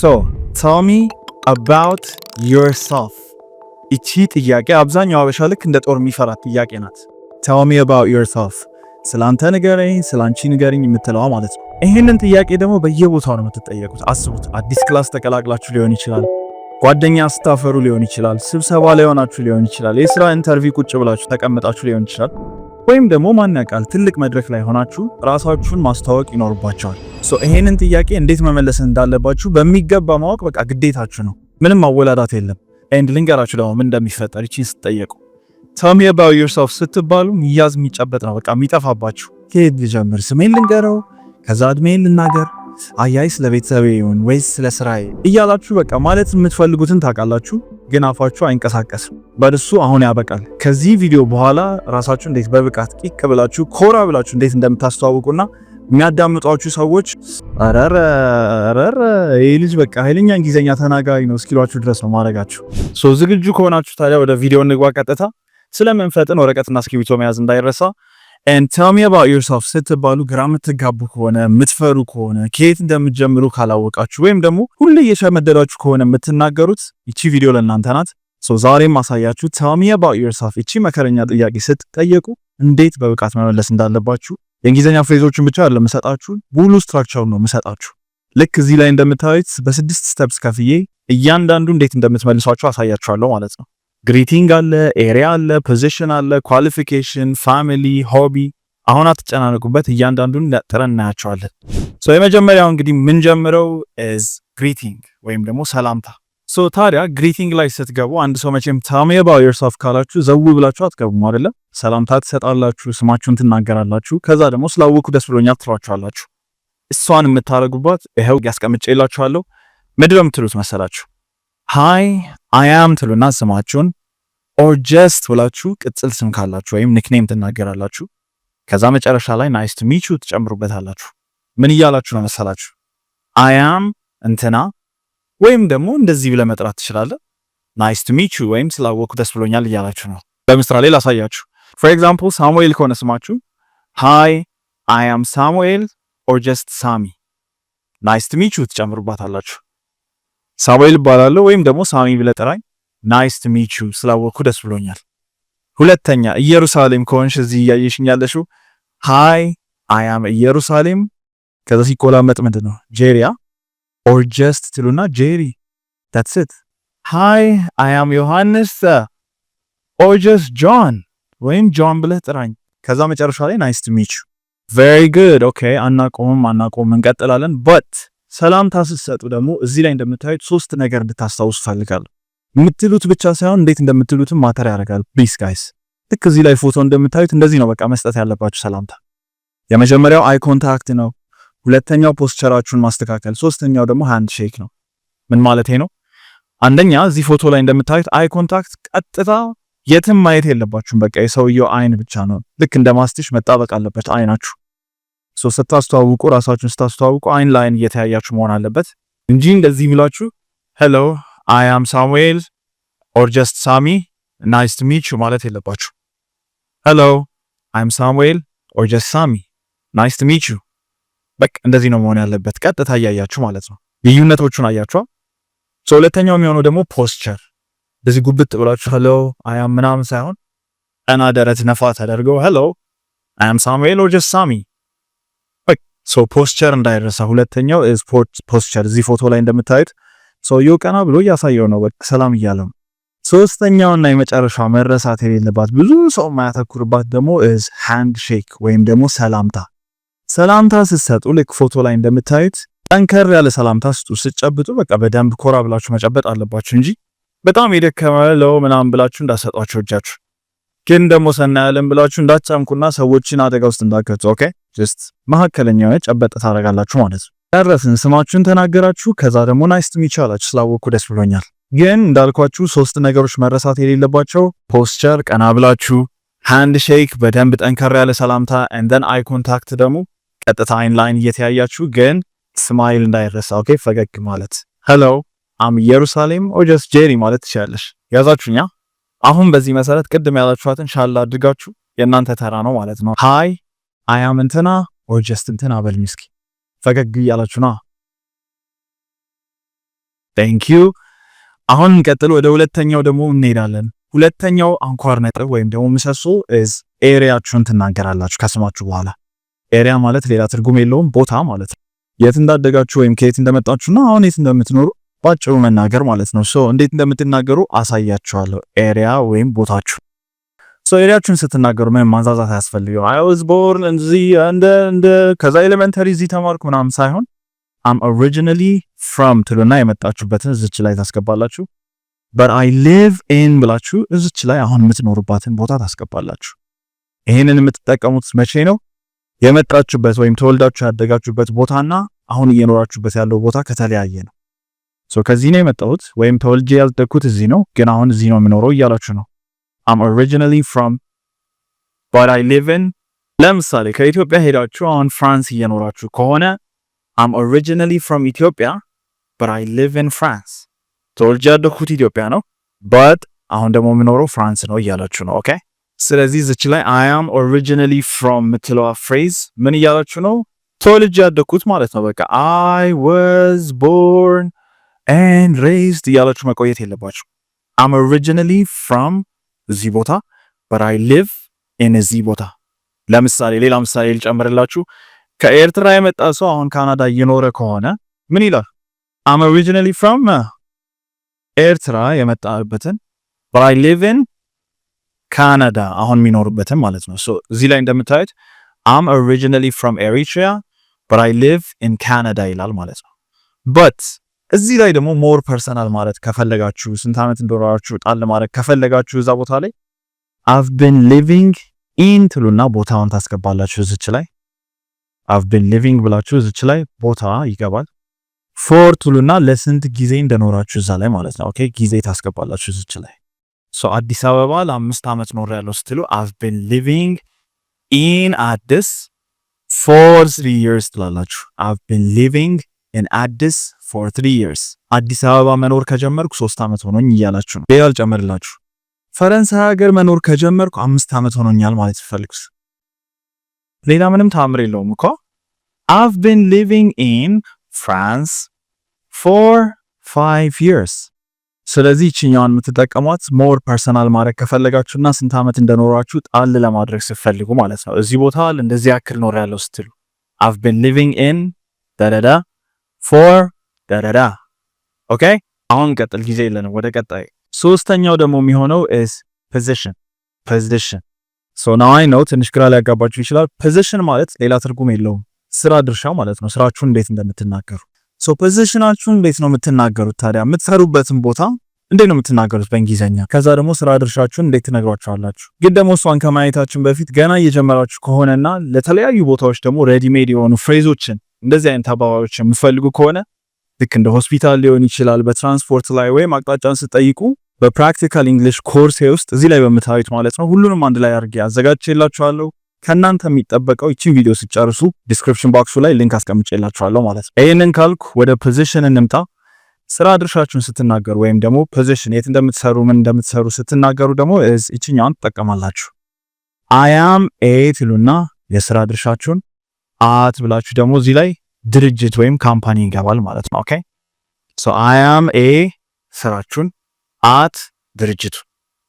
ሶ ታሚ አባውት ዮርሰልፍ ይቺ ጥያቄ አብዛኛው አበሻ ልክ እንደ ጦር የሚፈራት ጥያቄ ናት። ታሚ አባውት ዮርሰልፍ ስለ አንተ ንገረኝ፣ ስለ አንቺ ንገረኝ የምትለዋ ማለት ነው። ይህንን ጥያቄ ደግሞ በየቦታው ነው የምትጠየቁት። አስቡት፣ አዲስ ክላስ ተቀላቅላችሁ ሊሆን ይችላል፣ ጓደኛ ስታፈሩ ሊሆን ይችላል፣ ስብሰባ ላይ ሆናችሁ ሊሆን ይችላል፣ የስራ ኢንተርቪው ቁጭ ብላችሁ ተቀምጣችሁ ሊሆን ይችላል። ወይም ደግሞ ማን ማናቃል ትልቅ መድረክ ላይ ሆናችሁ ራሳችሁን ማስተዋወቅ ይኖርባቸዋል። ይሄንን ጥያቄ እንዴት መመለስ እንዳለባችሁ በሚገባ ማወቅ በቃ ግዴታችሁ ነው። ምንም አወላዳት የለም። ኤንድ ልንገራችሁ ደግሞ ምን እንደሚፈጠር ይችን ስትጠየቁ ተሚ ባ ዮርሰልፍ ስትባሉ ሚያዝ የሚጨበጥ ነው በቃ የሚጠፋባችሁ። ከየት ልጀምር? ስሜን ልንገረው፣ ከዛ እድሜን ልናገር አያይ ስለ ቤተሰብ ይሁን ወይስ ስለ ስራዬ እያላችሁ በቃ ማለት የምትፈልጉትን ታውቃላችሁ። ግን አፋችሁ አይንቀሳቀስም። በእርሱ አሁን ያበቃል። ከዚህ ቪዲዮ በኋላ ራሳችሁ እንዴት በብቃት ቂክ ብላችሁ ኮራ ብላችሁ እንዴት እንደምታስተዋውቁና የሚያዳምጧችሁ ሰዎች ረረረ ይህ ልጅ በቃ ኃይለኛ እንግሊዝኛ ተናጋሪ ነው እስኪሏችሁ ድረስ ነው ማድረጋችሁ። ሶ ዝግጁ ከሆናችሁ ታዲያ ወደ ቪዲዮ እንግባ ቀጥታ። ስለምንፈጥን ወረቀትና እስክሪብቶ መያዝ እንዳይረሳ። and tell me about yourself ስትባሉ ግራ የምትጋቡ ከሆነ የምትፈሩ ከሆነ ከየት እንደምትጀምሩ ካላወቃችሁ ወይም ደግሞ ሁሌ እየሸመደዳችሁ ከሆነ የምትናገሩት ይቺ ቪዲዮ ለእናንተ ናት። ዛሬ ማሳያችሁ tell me about yourself ይቺ መከረኛ ጥያቄ ስትጠየቁ እንዴት በብቃት መመለስ እንዳለባችሁ የእንግሊዝኛ ፍሬዞችን ብቻ አይደለም የምሰጣችሁ፣ ሙሉ ስትራክቸሩን ነው የምሰጣችሁ። ልክ እዚህ ላይ እንደምታዩት በስድስት ስተፕስ ከፍዬ እያንዳንዱ እንዴት እንደምትመልሷቸው አሳያችኋለሁ ማለት ነው። ግሪቲንግ አለ፣ ኤሪያ አለ፣ ፖዚሽን አለ፣ ኳሊፊኬሽን፣ ፋሚሊ፣ ሆቢ። አሁን አትጨናነቁበት፣ እያንዳንዱን ነጥረን እናያቸዋለን። ሶ የመጀመሪያው እንግዲህ የምንጀምረው ኢዝ ግሪቲንግ ወይም ደግሞ ሰላምታ። ሶ ታዲያ ግሪቲንግ ላይ ስትገቡ አንድ ሰው መቼም ታሚ አባውት ዮርሰልፍ ካላችሁ ዘው ብላችሁ አትገቡም አይደለም። ሰላምታ ትሰጣላችሁ፣ ስማችሁን ትናገራላችሁ። ከዛ ደግሞ ስላወቅኩ ደስ ብሎኛል ትሏችኋላችሁ። እሷን የምታደርጉባት ይኸው ያስቀምጬላችኋለሁ። ምንድን ምድር የምትሉት መሰላችሁ? ሃይ አያም ትሉና ስማችሁን ኦር ጀስት ብላችሁ ቅጽል ስም ካላችሁ ወይም ኒክኔም ትናገራላችሁ። ከዛ መጨረሻ ላይ ናይስ ቱ ሚቹ ትጨምሩበታላችሁ። ምን እያላችሁ ነው መሰላችሁ? አያም እንትና ወይም ደግሞ እንደዚህ ብለህ መጥራት ትችላለህ። ናይስ ቱ ሚቹ ወይም ስላወቅኩ ደስ ብሎኛል እያላችሁ ነው። በምሳሌ ላሳያችሁ። ፎር ኤግዛምፕል ሳሙኤል ከሆነ ስማችሁ ሃይ አያም ሳሙኤል ኦር ጀስት ሳሚ ናይስ ቱ ሚቹ ትጨምሩባታላችሁ። ሳሙኤል እባላለሁ ወይም ደግሞ ሳሚ ብለህ ጥራኝ። ናይስ ቱ ሚት ዩ ስላወቅኩ ደስ ብሎኛል። ሁለተኛ ኢየሩሳሌም ከሆንሽ እዚህ እያየሽኝ ያለሽው ሃይ አይ አም ኢየሩሳሌም፣ ከዛ ሲቆላመጥ ምንድን ነው ጄሪያ ኦር ጀስት ትሉና ጄሪ ታትስ ኢት። ሃይ አይ አም ዮሐንስ ኦር ጀስት ጆን ወይም ጆን ብለህ ጥራኝ። ከዛ መጨረሻ ላይ ናይስ ቱ ሚት ዩ ቨሪ ጉድ ኦኬ። አናቆምም አናቆምም እንቀጥላለን በት ሰላምታ ስትሰጡ ደግሞ እዚህ ላይ እንደምታዩት ሶስት ነገር እንድታስታውሱ ፈልጋለሁ። የምትሉት ብቻ ሳይሆን እንዴት እንደምትሉትም ማተር ያደርጋል። ፕሊስ ጋይስ፣ ልክ እዚህ ላይ ፎቶ እንደምታዩት እንደዚህ ነው በቃ መስጠት ያለባችሁ ሰላምታ። የመጀመሪያው አይ ኮንታክት ነው። ሁለተኛው ፖስቸራችሁን ማስተካከል፣ ሶስተኛው ደግሞ ሃንድ ሼክ ነው። ምን ማለት ነው? አንደኛ እዚህ ፎቶ ላይ እንደምታዩት አይ ኮንታክት ቀጥታ የትም ማየት የለባችሁም። በቃ የሰውየው አይን ብቻ ነው። ልክ እንደ መጣበቅ አለበት አይናችሁ ስታስተዋውቁ ራሳችሁን ስታስተዋውቁ አይን ላይን እየተያያችሁ መሆን አለበት እንጂ እንደዚህ የሚሏችሁ ሄሎ አይ አም ሳሙኤል ኦር ጀስት ሳሚ ናይስ ቱ ሚት ዩ ማለት የለባችሁ። ሄሎ አይ አም ሳሙኤል ኦር ጀስት ሳሚ ናይስ ቱ ሚት ዩ በቃ እንደዚህ ነው መሆን ያለበት፣ ቀጥታ እያያችሁ ማለት ነው። ልዩነቶቹን አያችኋ። ሁለተኛው የሚሆነው ደግሞ ፖስቸር፣ እንደዚህ ጉብጥ ብላችሁ ሄሎ አይ አም ምናምን ሳይሆን ቀና ደረት ነፋ ተደርገው ሄሎ አይ አም ሳሙኤል ኦር ጀስት ሳሚ ሶ ፖስቸር እንዳይረሳ። ሁለተኛው ስፖርት ፖስቸር እዚህ ፎቶ ላይ እንደምታዩት ሰውየው ቀና ብሎ እያሳየው ነው፣ በቃ ሰላም እያለ ሶስተኛውና የመጨረሻ መረሳት የሌለባት ብዙ ሰው የማያተኩርባት ደግሞ ኢዝ ሃንድ ሼክ ወይም ደግሞ ሰላምታ። ሰላምታ ስትሰጡ ልክ ፎቶ ላይ እንደምታዩት ጠንከር ያለ ሰላምታ ስጡ። ስትጨብጡ በቃ በደንብ ኮራ ብላችሁ መጨበጥ አለባችሁ እንጂ በጣም የደከመ ለው ምናምን ብላችሁ እንዳሰጧቸው እጃችሁ ግን ደግሞ ሰናያለን ብላችሁ እንዳትጨምቁና ሰዎችን አደጋ ውስጥ እንዳትከቱ ኦኬ። ጀስት መካከለኛ ጨበጥ ታደርጋላችሁ ማለት ነው። ጨረስን። ስማችሁን ተናገራችሁ። ከዛ ደግሞ ናይስ ቱ ሚት አላችሁ። ስላወቅኩ ደስ ብሎኛል። ግን እንዳልኳችሁ ሶስት ነገሮች መረሳት የሌለባቸው ፖስቸር፣ ቀና ብላችሁ፣ ሃንድ ሼክ፣ በደንብ ጠንከር ያለ ሰላምታ እንደን አይ ኮንታክት ደግሞ ቀጥታ አይን ላይን እየተያያችሁ ግን ስማይል እንዳይረሳ። ኦኬ ፈገግ ማለት ሄሎ አም ኢየሩሳሌም ጀስት ጄሪ ማለት ትችላለሽ። ያዛችሁኛ። አሁን በዚህ መሰረት ቅድም ያላችኋትን ሻላ አድርጋችሁ የእናንተ ተራ ነው ማለት ነው። ሃይ አያም እንትና ኦር ጀስት እንትና በልኝ እስኪ ፈገግ እያላችሁ ና። ቴንክ ዩ። አሁን እንቀጥል። ወደ ሁለተኛው ደግሞ እንሄዳለን። ሁለተኛው አንኳር ነጥብ ወይም ደግሞ ምሰሶ ኢዝ ኤሪያችሁን ትናገራላችሁ ከስማችሁ በኋላ። ኤሪያ ማለት ሌላ ትርጉም የለውም ቦታ ማለት ነው። የት እንዳደጋችሁ ወይም ከየት እንደመጣችሁና አሁን የት እንደምትኖሩ ባጭሩ መናገር ማለት ነው። ሶ እንዴት እንደምትናገሩ አሳያችኋለሁ። ኤሪያ ወይም ቦታችሁ ኤሪያችሁን ስትናገሩ ምንም ማንዛዛት አያስፈልገው። አይ ዋዝ ቦርን እዚህ እንደ እንደ ከዛ ኤሌመንተሪ እዚህ ተማርኩ ምናምን ሳይሆን አም ኦሪጂናሊ ፍሮም ትሉና የመጣችሁበትን እዚች ላይ ታስገባላችሁ። በር አይ ሊቭ ኢን ብላችሁ እዚች ላይ አሁን የምትኖሩባትን ቦታ ታስገባላችሁ። ይህንን የምትጠቀሙት መቼ ነው? የመጣችሁበት ወይም ተወልዳችሁ ያደጋችሁበት ቦታና አሁን እየኖራችሁበት ያለው ቦታ ከተለያየ ነው። ከዚህ ነው የመጣሁት ወይም ተወልጄ ያልደኩት እዚህ ነው፣ ግን አሁን እዚህ ነው የምኖረው እያላችሁ ነው I'm originally from, but I live in Lemsali, Ethiopia, on France, I'm originally from Ethiopia, but I live in France. Told Ethiopia, no? But on the moment, France, no, yellow no, okay? So that's the I am originally from Matiloa phrase. Many yellow I was born and raised the yellow I'm originally from. እዚህ ቦታ በር አይ ሊቭ ኢን እዚህ ቦታ። ለምሳሌ ሌላ ምሳሌ ልጨምርላችሁ። ከኤርትራ የመጣ ሰው አሁን ካናዳ እየኖረ ከሆነ ምን ይላል? አም ኦሪጂናሊ ፍሮም ኤርትራ የመጣበትን በር አይ ሊቭ ኢን ካናዳ አሁን የሚኖርበትን ማለት ነው። እዚህ ላይ እንደምታዩት አም ኦሪጂናሊ ፍሮም ኤሪትሪያ በር አይ ሊቭ ኢን ካናዳ ይላል ማለት ነው በት እዚህ ላይ ደግሞ ሞር ፐርሰናል ማለት ከፈለጋችሁ ስንት ዓመት እንደኖራችሁ ጣል ለማድረግ ከፈለጋችሁ እዛ ቦታ ላይ አቭ ቢን ሊቪንግ ኢን ትሉና ቦታውን ታስገባላችሁ። እዚች ላይ አቭ ቢን ሊቪንግ ብላችሁ እዚች ላይ ቦታ ይገባል። ፎር ትሉና ለስንት ጊዜ እንደኖራችሁ እዛ ላይ ማለት ነው። ኦኬ ጊዜ ታስገባላችሁ እዚች ላይ ሶ አዲስ አበባ ለአምስት ዓመት ኖር ያለው ስትሉ አቭ ቢን ሊቪንግ ኢን አዲስ ፎር ስሪ ይርስ ትላላችሁ። አቭ ቢን ሊቪንግ ኢን አዲስ ፎር ትሪ ይርስ አዲስ አበባ መኖር ከጀመርኩ ሶስት ዓመት ሆኖኝ እያላችሁ ነው። ሌላ አልጨምርላችሁ? ፈረንሳይ ሀገር መኖር ከጀመርኩ አምስት ዓመት ሆኖኛል ማለት ትፈልጉት። ሌላ ምንም ታምር የለውም እኮ አቭ ቢን ሊቪንግ ኢን ፍራንስ ፎር ፋይቭ ይርስ። ስለዚህ ይችኛዋን የምትጠቀሟት ሞር ፐርሰናል ማድረግ ከፈለጋችሁና ስንት ዓመት እንደኖራችሁ ጣል ለማድረግ ስትፈልጉ ማለት ነው። እዚህ ቦታ እንደዚህ ያክል ኖር ያለው ስትሉ አቭ ቢን ሊቪንግ ኢን ደረዳ ፎር ደረዳ ኦኬ። አሁን ቀጥል፣ ጊዜ የለንም። ወደ ቀጣይ ሶስተኛው ደግሞ የሚሆነው ኢዝ ፖዚሽን ፖዚሽን ሶ ናው አይ ነው ትንሽ ግራ ሊያጋባችሁ ይችላል። ፖዚሽን ማለት ሌላ ትርጉም የለውም ስራ ድርሻ ማለት ነው። ስራችሁን እንዴት እንደምትናገሩ ሶ ፖዚሽናችሁን እንዴት ነው የምትናገሩት? ታዲያ የምትሰሩበትን ቦታ እንዴት ነው የምትናገሩት በእንግሊዝኛ? ከዛ ደግሞ ስራ ድርሻችሁን እንዴት ትነግሯችኋላችሁ? ግን ደግሞ እሷን ከማየታችን በፊት ገና እየጀመራችሁ ከሆነና ለተለያዩ ቦታዎች ደግሞ ሬዲሜድ የሆኑ ፍሬዞችን እንደዚህ አይነት አባባዮች የምፈልጉ ከሆነ ልክ እንደ ሆስፒታል ሊሆን ይችላል፣ በትራንስፖርት ላይ ወይም አቅጣጫን ስጠይቁ በፕራክቲካል እንግሊሽ ኮርሴ ውስጥ እዚህ ላይ በምታዩት ማለት ነው ሁሉንም አንድ ላይ አድርጌ አዘጋጅቼላችኋለሁ። ከእናንተ የሚጠበቀው ይቺን ቪዲዮ ስጨርሱ ዲስክሪፕሽን ባክሱ ላይ ሊንክ አስቀምጬላችኋለሁ ማለት ነው። ይህንን ካልኩ ወደ ፖዚሽን እንምጣ። ስራ ድርሻችሁን ስትናገሩ ወይም ደግሞ ፖዚሽን የት እንደምትሰሩ ምን እንደምትሰሩ ስትናገሩ ደግሞ እችኛውን ትጠቀማላችሁ። አያም ኤ ትሉና የስራ ድርሻችሁን አት ብላችሁ ደግሞ እዚህ ላይ ድርጅት ወይም ካምፓኒ ይገባል ማለት ነው። ኦኬ ሶ አይ አም ኤ ስራችሁን አት ድርጅቱ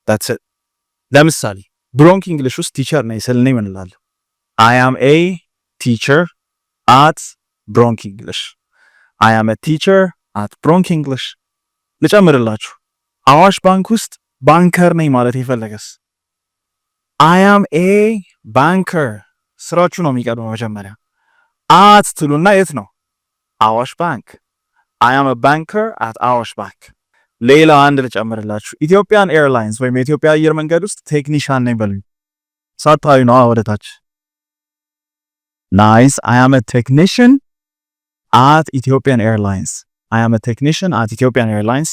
ዳትስ። ኢት። ለምሳሌ ብሮንክ እንግሊሽ ውስጥ ቲቸር ነኝ ስል ነኝ ምንላለሁ? አይ አም ኤ ቲቸር አት ብሮንክ እንግሊሽ። አይ አም ኤ ቲቸር አት ብሮንክ እንግሊሽ። ልጨምርላችሁ፣ አዋሽ ባንክ ውስጥ ባንከር ነኝ ማለት የፈለገስ አይ አም ኤ ባንከር ስራችሁ ነው የሚቀርበው መጀመሪያ አት ትሉና የት ነው አዋሽ ባንክ። አያም ባንከር አት አዋሽ ባንክ። ሌላ አንድ ልጨምርላችሁ። ኢትዮጵያን ኤርላይንስ ወይም የኢትዮጵያ አየር መንገድ ውስጥ ቴክኒሻን ነኝ በሉኝ። ሳታዩ ነው ወደታች። ናይስ አያም ቴክኒሽን አት ኢትዮጵያን ኤርላይንስ አያም ቴክኒሽን አት ኢትዮጵያን ኤርላይንስ።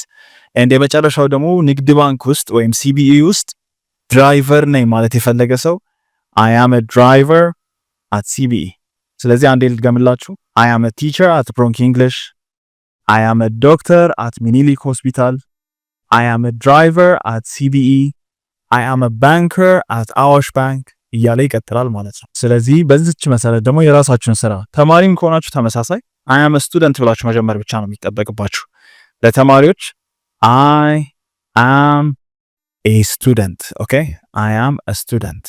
እንደ የመጨረሻው ደግሞ ንግድ ባንክ ውስጥ ወይም ሲቢኢ e ውስጥ ድራይቨር ነኝ ማለት የፈለገ ሰው አያም ድራይቨር አት ሲቢኢ ስለዚህ አንዴ ልድገምላችሁ። አያም ቲቸር አት ብሮንክ እንግሊሽ፣ አያም ዶክተር አት ሚኒሊክ ሆስፒታል፣ አያም ድራይቨር አት ሲቢኢ፣ አያም ባንከር አት አዋሽ ባንክ እያለ ይቀጥላል ማለት ነው። ስለዚህ በዚች መሰረት ደግሞ የራሳችሁን ስራ ተማሪም ከሆናችሁ ተመሳሳይ አም ስቱደንት ብላችሁ መጀመር ብቻ ነው የሚጠበቅባችሁ። ለተማሪዎች አይ አም ኤ ስቱደንት ኦኬ፣ አይ አም ስቱደንት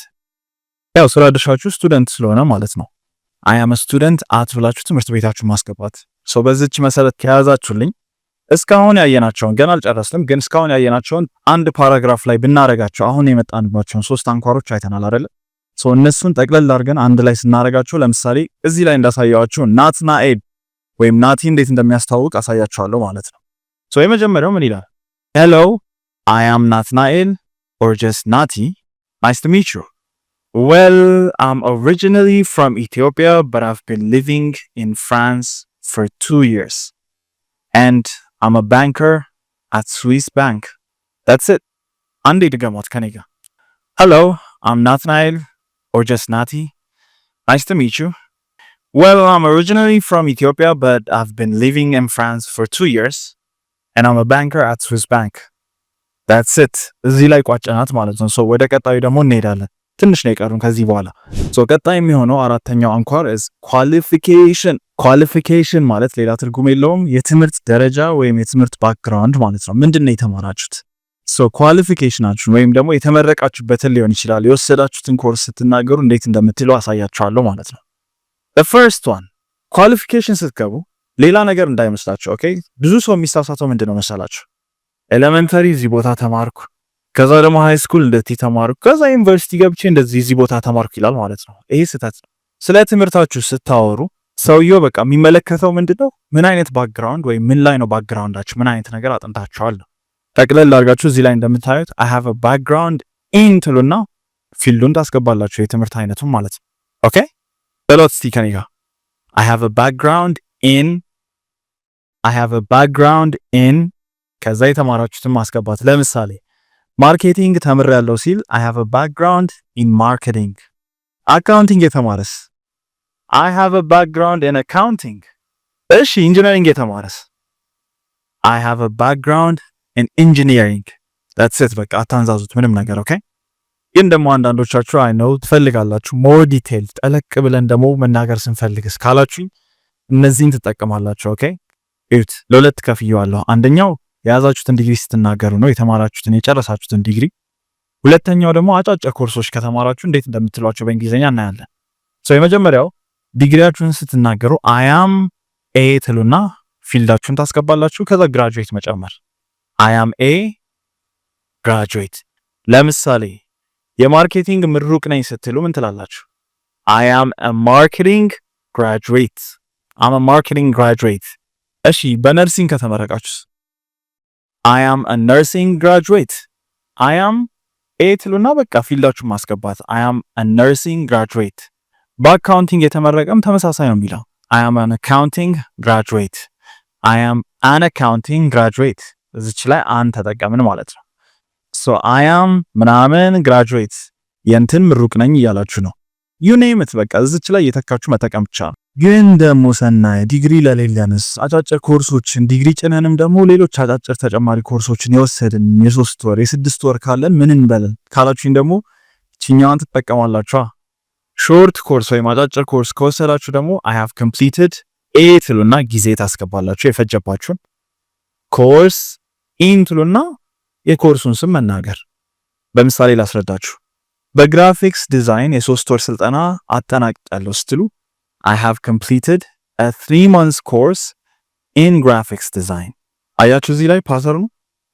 ያው ስራ ድርሻችሁ ስቱደንት ስለሆነ ማለት ነው። አያም ስቱደንት አት ብላችሁ ትምህርት ቤታችሁ ማስገባት ሰው በዚች መሰረት ከያዛችሁልኝ እስካሁን ያየናቸውን ገና አልጨረስንም፣ ግን እስካሁን ያየናቸውን አንድ ፓራግራፍ ላይ ብናረጋቸው አሁን የመጣንባቸውን ሶስት አንኳሮች አይተናል አይደለ? ሰው እነሱን ጠቅለል አድርገን አንድ ላይ ስናረጋቸው ለምሳሌ እዚህ ላይ እንዳሳያችሁ ናትና ኤድ ወይም ናቲ እንዴት እንደሚያስተዋውቅ አሳያችኋለሁ ማለት ነው። ሰው የመጀመሪያው ምን ይላል? ሄሎ አይ አም ናትና ኤል ኦር ጀስት ናቲ ናይስ ቱ ሚት ዩ Well, I'm originally from Ethiopia, but I've been living in France for two years. And I'm a banker at Swiss Bank. That's it. Andy Gamot Kaniga. Hello, I'm Nathaniel, or just Nati. Nice to meet you. Well, I'm originally from Ethiopia, but I've been living in France for two years. And I'm a banker at Swiss Bank. That's it. እዚህ ላይ ቋጨናት ማለት ነው። ወደ ቀጣዩ ደግሞ እንሄዳለን። ትንሽ ነው የቀሩን ከዚህ በኋላ ቀጣይ የሚሆነው አራተኛው አንኳር ኳሊፊኬሽን ኳሊፊኬሽን ማለት ሌላ ትርጉም የለውም የትምህርት ደረጃ ወይም የትምህርት ባክግራውንድ ማለት ነው ምንድን ነው የተማራችሁት ኳሊፊኬሽናችሁን ወይም ደግሞ የተመረቃችሁበትን ሊሆን ይችላል የወሰዳችሁትን ኮርስ ስትናገሩ እንዴት እንደምትሉ አሳያችኋለሁ ማለት ነው ፈርስት ዋን ኳሊፊኬሽን ስትገቡ ሌላ ነገር እንዳይመስላችሁ ኦኬ ብዙ ሰው የሚሳሳተው ምንድን ነው መሰላችሁ ኤሌመንተሪ እዚህ ቦታ ተማርኩ ከዛ ደግሞ ሃይ ስኩል እንደዚህ ተማርኩ፣ ከዛ ዩኒቨርሲቲ ገብቼ እንደዚህ እዚህ ቦታ ተማርኩ ይላል ማለት ነው። ይሄ ስህተት ነው። ስለ ትምህርታችሁ ስታወሩ ሰውየው በቃ የሚመለከተው ምንድነው? ምን አይነት ባክግራውንድ ወይም ምን ላይ ነው ባክግራውንዳችሁ፣ ምን አይነት ነገር አጥንታችኋል ነው። ጠቅለል አድርጋችሁ እዚህ ላይ እንደምታዩት አይ ሃቭ አ ባክግራውንድ ኢን ትሉና ፊልዱን ታስገባላችሁ የትምህርት አይነቱን ማለት ነው። ኦኬ በሎት እስቲ ከኔ ጋር አይ ሃቭ አ ባክግራውንድ ኢን አይ ሃቭ አ ባክግራውንድ ኢን ከዛ የተማራችሁትን ማስገባት ለምሳሌ ማርኬቲንግ ተምሬያለሁ ሲል አይ ሃቭ አ ባክግራውንድ ኢን ማርኬቲንግ። አካውንቲንግ የተማረስ አይ ሃቭ አ ባክግራውንድ ኢን አካውንቲንግ። እሺ ኢንጂነሪንግ የተማረስ አይ ሃቭ አ ባክግራውንድ ኢን ኢንጂነሪንግ። ዳትስ ኢት በቃ አታንዛዙት ምንም ነገር ኦኬ። ግን ደግሞ አንዳንዶቻችሁ አይ ነው ትፈልጋላችሁ ሞር ዲቴል ጠለቅ ብለን ደግሞ መናገር ስንፈልግስ ካላችሁኝ እነዚህን ትጠቀማላችሁ ኦኬ። እዩት ለሁለት ከፍየዋለሁ አንደኛው የያዛችሁትን ዲግሪ ስትናገሩ ነው የተማራችሁትን የጨረሳችሁትን ዲግሪ። ሁለተኛው ደግሞ አጫጭር ኮርሶች ከተማራችሁ እንዴት እንደምትሏቸው በእንግሊዝኛ እናያለን። ሰው የመጀመሪያው ዲግሪያችሁን ስትናገሩ አያም ኤ ትሉና ፊልዳችሁን ታስገባላችሁ። ከዛ ግራጁዌት መጨመር አያም ኤ ግራጁዌት። ለምሳሌ የማርኬቲንግ ምሩቅ ነኝ ስትሉ ምን ትላላችሁ? አያም ማርኬቲንግ ግራጁዌት። አም ማርኬቲንግ ግራጁዌት። እሺ በነርሲንግ ከተመረቃችሁስ አያም ነርሲንግ ግራጁዌት አያም ኤ በቃ ፊልዳችሁ ማስገባት አያም ነርሲንግ ግራጁዌት። በአካውንቲንግ የተመረቀም ተመሳሳይ ነው የሚለው አያም አካውንቲንግ ግራጁዌት አያም አን አካውንቲንግ ግራጁዌት እዚች ላይ አን ተጠቀምን ማለት ነው። ሶ አያም ምናምን ግራጁዌት የእንትን ምሩቅ ነኝ እያላችሁ ነው። ዩ ኔም በቃ እዚች ላይ እየተካችሁ መጠቀም ብቻ ነው። ግን ደግሞ ሰናይ ዲግሪ ለሌለንስ አጫጭር ኮርሶችን ዲግሪ ጭነንም ደግሞ ሌሎች አጫጭር ተጨማሪ ኮርሶችን የወሰድን የሶስት ወር የስድስት ወር ካለን ምን እንበለን ካላችሁኝ ደግሞ ችኛዋን ትጠቀማላችኋ። ሾርት ኮርስ ወይም አጫጭር ኮርስ ከወሰዳችሁ ደግሞ አይ ሃቭ ኮምፕሊትድ ኤ ትሉና ጊዜ ታስገባላችሁ የፈጀባችሁን ኮርስ ኢን ትሉና የኮርሱን ስም መናገር። በምሳሌ ላስረዳችሁ። በግራፊክስ ዲዛይን የሶስት ወር ስልጠና አጠናቅቄያለሁ ስትሉ I have completed a three months course in graphics design. አያችሁ እዚህ ላይ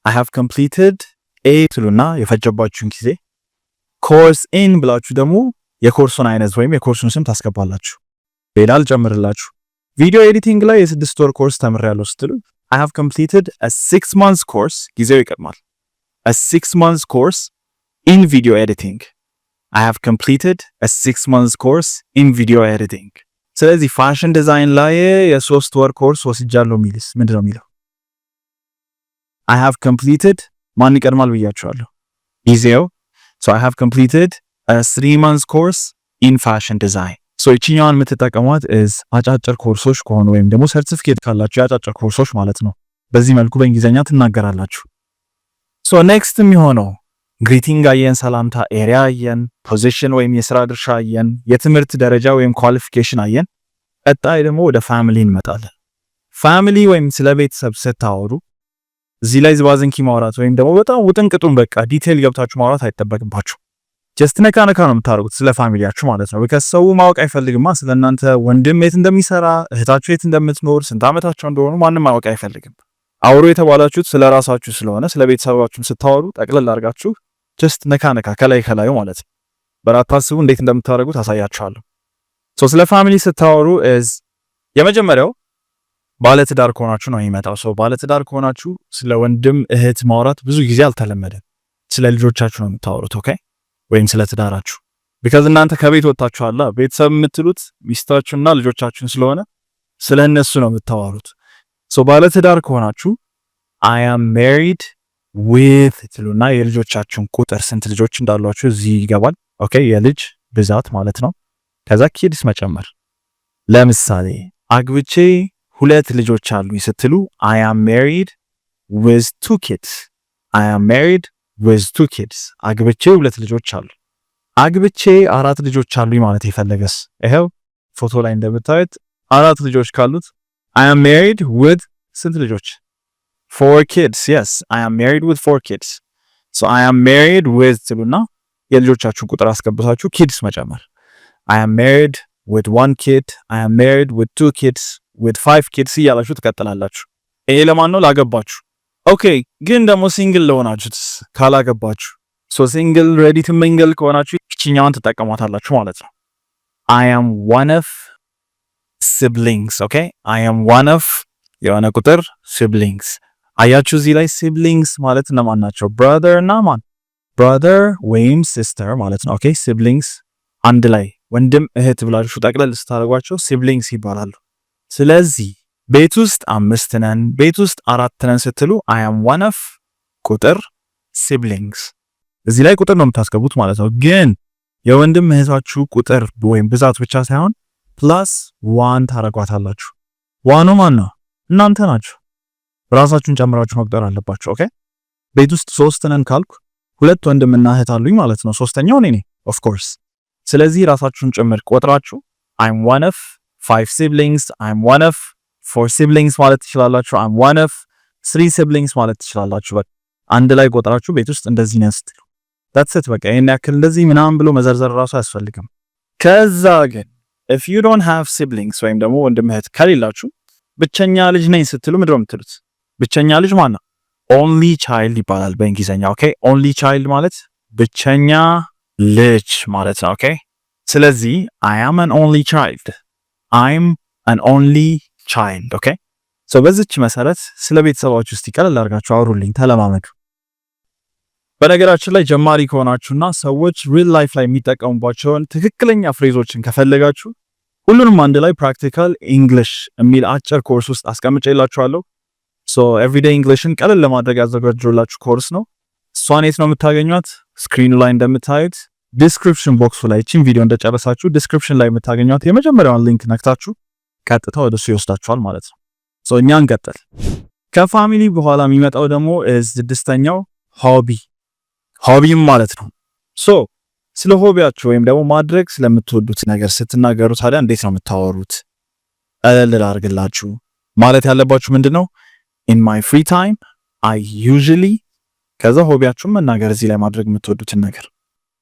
I have completed a ትሉና የፈጀባችሁን ጊዜ ኮርስ ኢን ብላችሁ ደግሞ የኮርሱን አይነት ወይም የኮርሱን ስም ታስገባላችሁ። ሌላ ልጨምርላችሁ ቪዲዮ ኤዲቲንግ ላይ የስድስት ወር ኮርስ ተምሬያለሁ ስትሉ I have completed a six months course ጊዜው ይቀድማል። a six months course in video editing. I have completed a six months course in video editing. ስለዚህ ፋሽን ዲዛይን ላይ የሶስት ወር ኮርስ ወስጃለሁ የሚልስ ምንድን ነው የሚለው? አይ ሃቭ ኮምፕሊትድ ማን ይቀድማል ብያቸዋለሁ። ጊዜው ሶ አይ ሃቭ ኮምፕሊትድ ስሪ ማንስ ኮርስ ኢን ፋሽን ዲዛይን ሶ ይችኛዋን የምትጠቀሟት እዝ አጫጭር ኮርሶች ከሆኑ ወይም ደግሞ ሰርቲፊኬት ካላችሁ የአጫጭር ኮርሶች ማለት ነው። በዚህ መልኩ በእንግሊዝኛ ትናገራላችሁ። ሶ ኔክስት የሚሆነው ግሪቲንግ አየን፣ ሰላምታ ኤሪያ አየን፣ ፖዚሽን ወይም የስራ ድርሻ አየን፣ የትምህርት ደረጃ ወይም ኳሊፊኬሽን አየን። ቀጣይ ደግሞ ወደ ፋሚሊ እንመጣለን። ፋሚሊ ወይም ስለ ቤተሰብ ስታወሩ እዚህ ላይ ዝባዝንኪ ማውራት ወይም ደግሞ በጣም ውጥንቅጡን በቃ ዲቴል ገብታችሁ ማውራት አይጠበቅባችሁ። ጀስት ነካ ነካ ነው የምታደርጉት ስለ ፋሚሊያችሁ ማለት ነው። ከሰው ሰው ማወቅ አይፈልግማ ስለ እናንተ ወንድም የት እንደሚሰራ፣ እህታችሁ የት እንደምትኖር፣ ስንት ዓመታቸው እንደሆኑ ማንም ማወቅ አይፈልግም። አውሩ የተባላችሁት ስለ ራሳችሁ ስለሆነ ስለ ቤተሰባችሁም ስታወሩ ጠቅልል አድርጋችሁ ጀስት ነካ ነካ ከላይ ከላዩ ማለት ነው። በራት ታስቡ እንዴት እንደምታደርጉ ታሳያችኋለሁ። ሶ ስለ ፋሚሊ ስታወሩ እዝ የመጀመሪያው ባለትዳር ከሆናችሁ ነው የሚመጣው። ሰው ባለትዳር ከሆናችሁ ስለ ወንድም እህት ማውራት ብዙ ጊዜ አልተለመደም። ስለ ልጆቻችሁ ነው የምታወሩት፣ ኦኬ ወይም ስለ ትዳራችሁ። ቢካዝ እናንተ ከቤት ወጥታችኋላ። ቤተሰብ የምትሉት ሚስታችሁና ልጆቻችሁን ስለሆነ ስለ እነሱ ነው የምታወሩት። ሶ ባለትዳር ከሆናችሁ አይ አም ሜሪድ ዊት ትሉና የልጆቻችሁን ቁጥር ስንት ልጆች እንዳሏችሁ እዚህ ይገባል። ኦኬ የልጅ ብዛት ማለት ነው። ከዛ ኪድስ መጨመር። ለምሳሌ አግብቼ ሁለት ልጆች አሉኝ ስትሉ አይ አም ሜሪድ ዊዝ ቱ ኪድስ። አይ አም ሜሪድ ዊዝ ቱ ኪድስ። አግብቼ ሁለት ልጆች አሉ። አግብቼ አራት ልጆች አሉኝ ማለት የፈለገስ ይሄው ፎቶ ላይ እንደምታዩት አራት ልጆች ካሉት አይ አም ሜሪድ ዊዝ ስንት ልጆች Four kids. Yes, I am married with four kids. ሶ አይ አም ሜሪድ ዊዝ ትሉና የልጆቻችሁን ቁጥር አስገብታችሁ ኪድስ መጨመር። አይ አም ሜሪድ ዊዝ ዋን ኪድ፣ አይ አም ሜሪድ ዊዝ ቱ ኪድስ፣ ዊዝ ፋይቭ ኪድስ እያላችሁ ትቀጥላላችሁ። ይሄ ለማን ነው? ላገባችሁ። ኦኬ። ግን ደግሞ ሲንግል ለሆናችሁትስ ካላገባችሁ? ሶ ሲንግል ሬዲ ቱ ሚንግል ከሆናችሁ ይችኛዋን ትጠቀሟታላችሁ ማለት ነው። አይ አም ዋን ኦፍ ሲብሊንግስ። ኦኬ። አይ አም ዋን ኦፍ የሆነ ቁጥር ሲብሊንግስ አያችሁ እዚህ ላይ ሲብሊንግስ ማለት እነማን ናቸው? ብራዘር እና ማን ብራዘር ወይም ሲስተር ማለት ነው። ኦኬ ሲብሊንግስ አንድ ላይ ወንድም እህት ብላችሁ ጠቅለል ስታደርጓቸው ሲብሊንግስ ይባላሉ። ስለዚህ ቤት ውስጥ አምስት ነን፣ ቤት ውስጥ አራት ነን ስትሉ አይ አም ዋን ኦፍ ቁጥር ሲብሊንግስ እዚህ ላይ ቁጥር ነው የምታስገቡት ማለት ነው። ግን የወንድም እህታችሁ ቁጥር ወይም ብዛት ብቻ ሳይሆን ፕላስ ዋን ታረጓታላችሁ። ዋኑ ማን ነው? እናንተ ናችሁ። ራሳችሁን ጨምራችሁ መቁጠር አለባችሁ። ኦኬ ቤት ውስጥ ሶስት ነን ካልኩ ሁለት ወንድምና እህት አሉኝ ማለት ነው። ሶስተኛው እኔ ነኝ ኦፍ ኮርስ። ስለዚህ ራሳችሁን ጭምር ቆጥራችሁ አይም ዋን ኦፍ ፋይቭ ሲብሊንግስ አይም ዋን ኦፍ ፎር ሲብሊንግስ ማለት ትችላላችሁ። አይም ዋን ኦፍ ስሪ ሲብሊንግስ ማለት ትችላላችሁ። በቃ አንድ ላይ ቆጥራችሁ ቤት ውስጥ እንደዚህ ነን ስትሉ ዳትስ ኢት በቃ ይሄን ያክል እንደዚህ ምናምን ብሎ መዘርዘር ራሱ አያስፈልግም። ከዛ ግን ኢፍ ዩ ዶንት ሃቭ ሲብሊንግስ ወይም ደግሞ ወንድም እህት ከሌላችሁ ብቸኛ ልጅ ነኝ ስትሉ ምድሮ የምትሉት ብቸኛ ልጅ ማን ነው። ኦንሊ ቻይልድ ይባላል በእንግሊዝኛ። ኦኬ ኦንሊ ቻይልድ ማለት ብቸኛ ልጅ ማለት ነው። ኦኬ ስለዚህ አይ አም አን ኦንሊ ቻይልድ አይም አን ኦንሊ ቻይልድ። ኦኬ ሶ በዚች መሰረት ስለ ቤተሰባዎች ውስጥ ይቀለል አድርጋችሁ አውሩልኝ፣ ተለማመዱ። በነገራችን ላይ ጀማሪ ከሆናችሁና ሰዎች ሪል ላይፍ ላይ የሚጠቀሙባቸውን ትክክለኛ ፍሬዞችን ከፈለጋችሁ ሁሉንም አንድ ላይ ፕራክቲካል ኢንግሊሽ የሚል አጭር ኮርስ ውስጥ አስቀምጬላችኋለሁ። ሶ ኤቭሪዴይ እንግሊሽን ቀለል ለማድረግ ያዘጋጀላችሁ ኮርስ ነው። እሷን የት ነው የምታገኟት? ስክሪኑ ላይ እንደምታዩት ዲስክሪፕሽን ቦክሱ ላይ ይህችን ቪዲዮ እንደጨረሳችሁ ዲስክሪፕሽን ላይ የምታገኟት የመጀመሪያውን ሊንክ ነክታችሁ ቀጥታ ወደሱ ይወስዳችኋል ማለት ነው። ሶ እኛ እንቀጥል። ከፋሚሊ በኋላ የሚመጣው ደግሞ ስድስተኛው ሆቢ ሆቢም ማለት ነው። ሶ ስለ ሆቢያችሁ ወይም ደግሞ ማድረግ ስለምትወዱት ነገር ስትናገሩ ታዲያ እንዴት ነው የምታወሩት? ቀለል አድርግላችሁ? ማለት ያለባችሁ ምንድን ነው ኢን ማይ ፍሪ ታይም አይ ዩዥሊ ከዛ ሆቢያችሁን መናገር እዚህ ላይ ማድረግ የምትወዱትን ነገር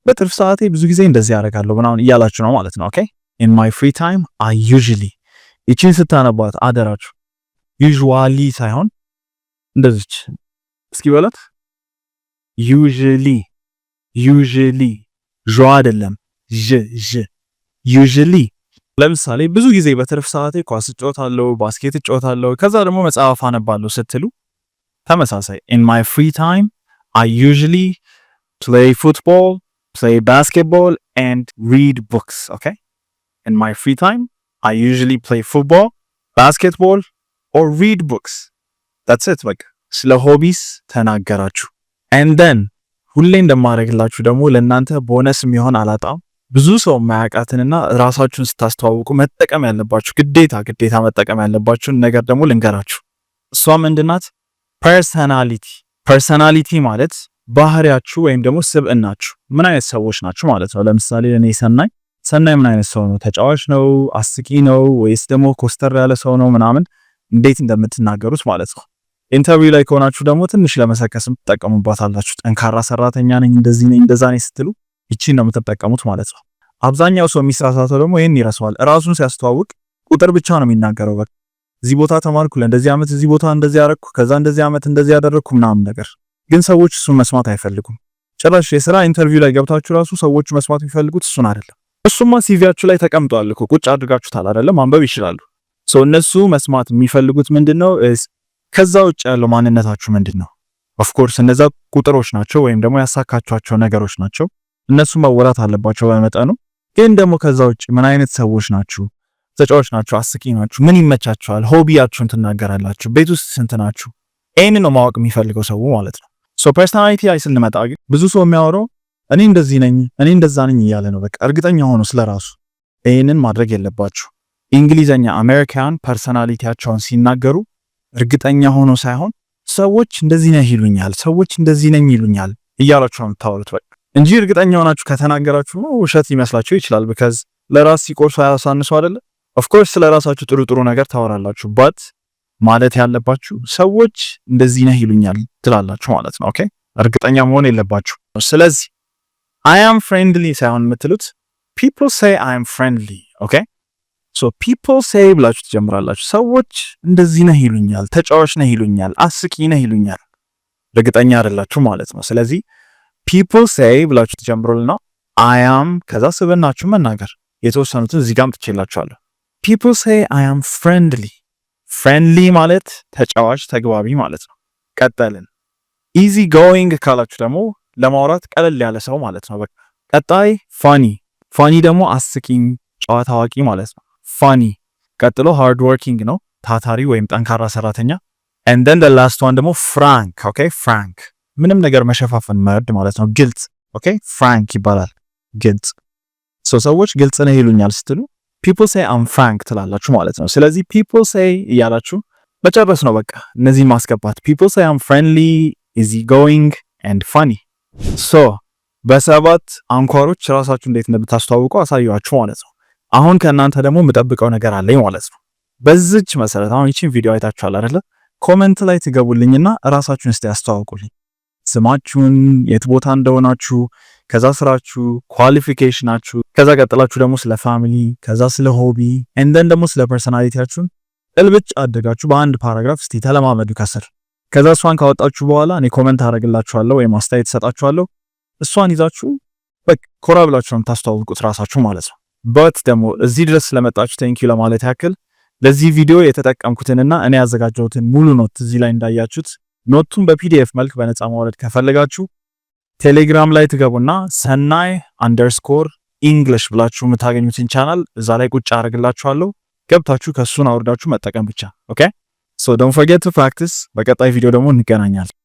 በትርፍ ሰዓቴ ብዙ ጊዜ እንደዚህ ያደርጋለሁ ምናምን እያላችሁ ነው ማለት ነው። ኦኬ ኢን ማይ ፍሪ ታይም አይ ዩዥሊ ይቺን ስታነቧት አደራችሁ ዩዥዋሊ ሳይሆን እንደዚች እስኪ በላት ዩዥሊ ዩዥሊ ዦ አይደለም ዥ ዥ ዩዥሊ ለምሳሌ ብዙ ጊዜ በትርፍ ሰዓቴ ኳስ እጫወታለሁ፣ ባስኬት እጫወታለሁ፣ ከዛ ደግሞ መጽሐፍ አነባለሁ ስትሉ ተመሳሳይ in my free time I usually play football, play basketball and read books. Okay? In my free time I usually play football, basketball or read books. That's it. በቃ ስለ ሆቢስ ተናገራችሁ and then ሁሌ እንደማደርግላችሁ ደግሞ ለእናንተ ቦነስ የሚሆን አላጣም ብዙ ሰው የማያውቃትንና ራሳችሁን ስታስተዋውቁ መጠቀም ያለባችሁ ግዴታ ግዴታ መጠቀም ያለባችሁን ነገር ደግሞ ልንገራችሁ። እሷ ምንድናት? ፐርሰናሊቲ። ፐርሰናሊቲ ማለት ባህሪያችሁ ወይም ደግሞ ስብዕናችሁ ምን አይነት ሰዎች ናችሁ ማለት ነው። ለምሳሌ እኔ ሰናይ ሰናይ ምን አይነት ሰው ነው? ተጫዋች ነው? አስቂ ነው? ወይስ ደግሞ ኮስተር ያለ ሰው ነው? ምናምን እንዴት እንደምትናገሩት ማለት ነው። ኢንተርቪው ላይ ከሆናችሁ ደግሞ ትንሽ ለመሰከስም ትጠቀሙባታላችሁ። ጠንካራ ሰራተኛ ነኝ፣ እንደዚህ ነኝ፣ እንደዛ ነኝ ስትሉ ይቺን ነው የምትጠቀሙት ማለት ነው። አብዛኛው ሰው የሚሳሳተው ደግሞ ይህን ይረሳዋል። እራሱን ሲያስተዋውቅ ቁጥር ብቻ ነው የሚናገረው። በቃ እዚህ ቦታ ተማርኩ፣ ለእንደዚህ ዓመት እዚህ ቦታ እንደዚህ አረግኩ፣ ከዛ እንደዚህ ዓመት እንደዚህ ያደረግኩ ምናምን ነገር። ግን ሰዎች እሱን መስማት አይፈልጉም። ጭራሽ የስራ ኢንተርቪው ላይ ገብታችሁ ራሱ ሰዎች መስማት የሚፈልጉት እሱን አይደለም። እሱማ ሲቪያችሁ ላይ ተቀምጧል እኮ ቁጭ አድርጋችሁታል አይደለም፣ ማንበብ ይችላሉ። ሰው እነሱ መስማት የሚፈልጉት ምንድን ነው? ከዛ ውጭ ያለው ማንነታችሁ ምንድን ነው? ኦፍኮርስ እነዛ ቁጥሮች ናቸው ወይም ደግሞ ያሳካችኋቸው ነገሮች ናቸው። እነሱ መወራት አለባቸው በመጠኑ። ግን ደግሞ ከዛ ውጭ ምን አይነት ሰዎች ናችሁ? ተጫዋች ናችሁ? አስቂ ናችሁ? ምን ይመቻችኋል? ሆቢያችሁን ትናገራላችሁ? ቤት ውስጥ ስንት ናችሁ? ይህን ነው ማወቅ የሚፈልገው ሰው ማለት ነው። ሶ ፐርሰናሊቲ ላይ ስንመጣ ግን ብዙ ሰው የሚያወራው እኔ እንደዚህ ነኝ፣ እኔ እንደዛ ነኝ እያለ ነው። በቃ እርግጠኛ ሆኖ ስለራሱ ይህንን ማድረግ የለባችሁ። እንግሊዘኛ አሜሪካን ፐርሰናሊቲያቸውን ሲናገሩ እርግጠኛ ሆኖ ሳይሆን ሰዎች እንደዚህ ነህ ይሉኛል፣ ሰዎች እንደዚህ ነኝ ይሉኛል እያላችሁ ነው የምታወሩት። እንጂ እርግጠኛ ሆናችሁ ከተናገራችሁ ውሸት ሊመስላችሁ ይችላል። ብከዝ ለራስ ሲቆርሱ አያሳንሱ አይደለ? ኦፍኮርስ ስለራሳችሁ ጥሩ ጥሩ ነገር ታወራላችሁ። ባት ማለት ያለባችሁ ሰዎች እንደዚህ ነህ ይሉኛል ትላላችሁ ማለት ነው። ኦኬ እርግጠኛ መሆን የለባችሁ። ስለዚህ አይ አም ፍሬንድሊ ሳይሆን የምትሉት ፒፕል ሴይ አይ አም ፍሬንድሊ። ኦኬ ሶ ፒፕል ሴይ ብላችሁ ትጀምራላችሁ። ሰዎች እንደዚህ ነህ ይሉኛል፣ ተጫዋች ነህ ይሉኛል፣ አስቂ ነህ ይሉኛል። እርግጠኛ አይደላችሁ ማለት ነው። ስለዚህ ፒፕል ሴይ ብላችሁ ትጀምሩልና አያም ከዛ ስብናችሁ መናገር የተወሰኑትን እዚህ ጋር አምጥቼላችኋለሁ። ፒፕል ሴይ አያም ፍሬንድሊ። ፍሬንድሊ ማለት ተጫዋች ተግባቢ ማለት ነው። ቀጠልን። ኢዚ ጎይንግ ካላችሁ ደግሞ ለማውራት ቀለል ያለ ሰው ማለት ነው። በቃ ቀጣይ ፋኒ። ፋኒ ደግሞ አስቂኝ፣ ጨዋታ አዋቂ ማለት ነው። ፋኒ ቀጥሎ ሃርድ ወርኪንግ ነው ታታሪ ወይም ጠንካራ ሰራተኛ። ኤንደን ላስት ዋን ደግሞ ፍራንክ። ኦኬ ፍራንክ ምንም ነገር መሸፋፈን መርድ ማለት ነው። ግልጽ ኦኬ፣ ፍራንክ ይባላል። ግልጽ ሶ ሰዎች ግልጽ ነው ይሉኛል ስትሉ ፒፕል ሴይ አም ፍራንክ ትላላችሁ ማለት ነው። ስለዚህ ፒፕል ሴይ እያላችሁ መጨረስ ነው በቃ እነዚህ ማስገባት። ፒፕል ሴይ አም ፍሬንድሊ ኢዚ ጎይንግ ኤንድ ፋኒ። ሶ በሰባት አንኳሮች ራሳችሁ እንዴት እንደምታስተዋውቁ አሳያችሁ ማለት ነው። አሁን ከእናንተ ደግሞ የምጠብቀው ነገር አለኝ ማለት ነው። በዚች መሰረት አሁን ይቺን ቪዲዮ አይታችኋል አይደለ? ኮመንት ላይ ትገቡልኝና ራሳችሁን እስቲ ያስተዋውቁልኝ። ስማችሁን፣ የት ቦታ እንደሆናችሁ፣ ከዛ ስራችሁ፣ ኳሊፊኬሽናችሁ፣ ከዛ ቀጥላችሁ ደግሞ ስለ ፋሚሊ፣ ከዛ ስለ ሆቢ እንደን ደግሞ ስለ ፐርሶናሊቲያችሁን ጥልብጭ አድርጋችሁ በአንድ ፓራግራፍ እስቲ ተለማመዱ ከስር። ከዛ እሷን ካወጣችሁ በኋላ እኔ ኮመንት አደርግላችኋለሁ ወይም አስተያየት እሰጣችኋለሁ። እሷን ይዛችሁ በቃ ኮራ ብላችሁ ነው የምታስተዋውቁት ራሳችሁ ማለት ነው። በት ደግሞ እዚህ ድረስ ስለመጣችሁ ቴንኪዩ ለማለት ያክል ለዚህ ቪዲዮ የተጠቀምኩትንና እኔ ያዘጋጀሁትን ሙሉ ኖት እዚህ ላይ እንዳያችሁት ኖቱን በፒዲኤፍ መልክ በነፃ ማውረድ ከፈለጋችሁ ቴሌግራም ላይ ትገቡና ሰናይ አንደርስኮር ኢንግሊሽ ብላችሁ የምታገኙትን ቻናል እዛ ላይ ቁጭ አድርግላችኋለሁ። ገብታችሁ ከሱን አውርዳችሁ መጠቀም ብቻ። ኦኬ ሶ ዶንት ፎርጌት ቱ ፕራክቲስ። በቀጣይ ቪዲዮ ደግሞ እንገናኛለን።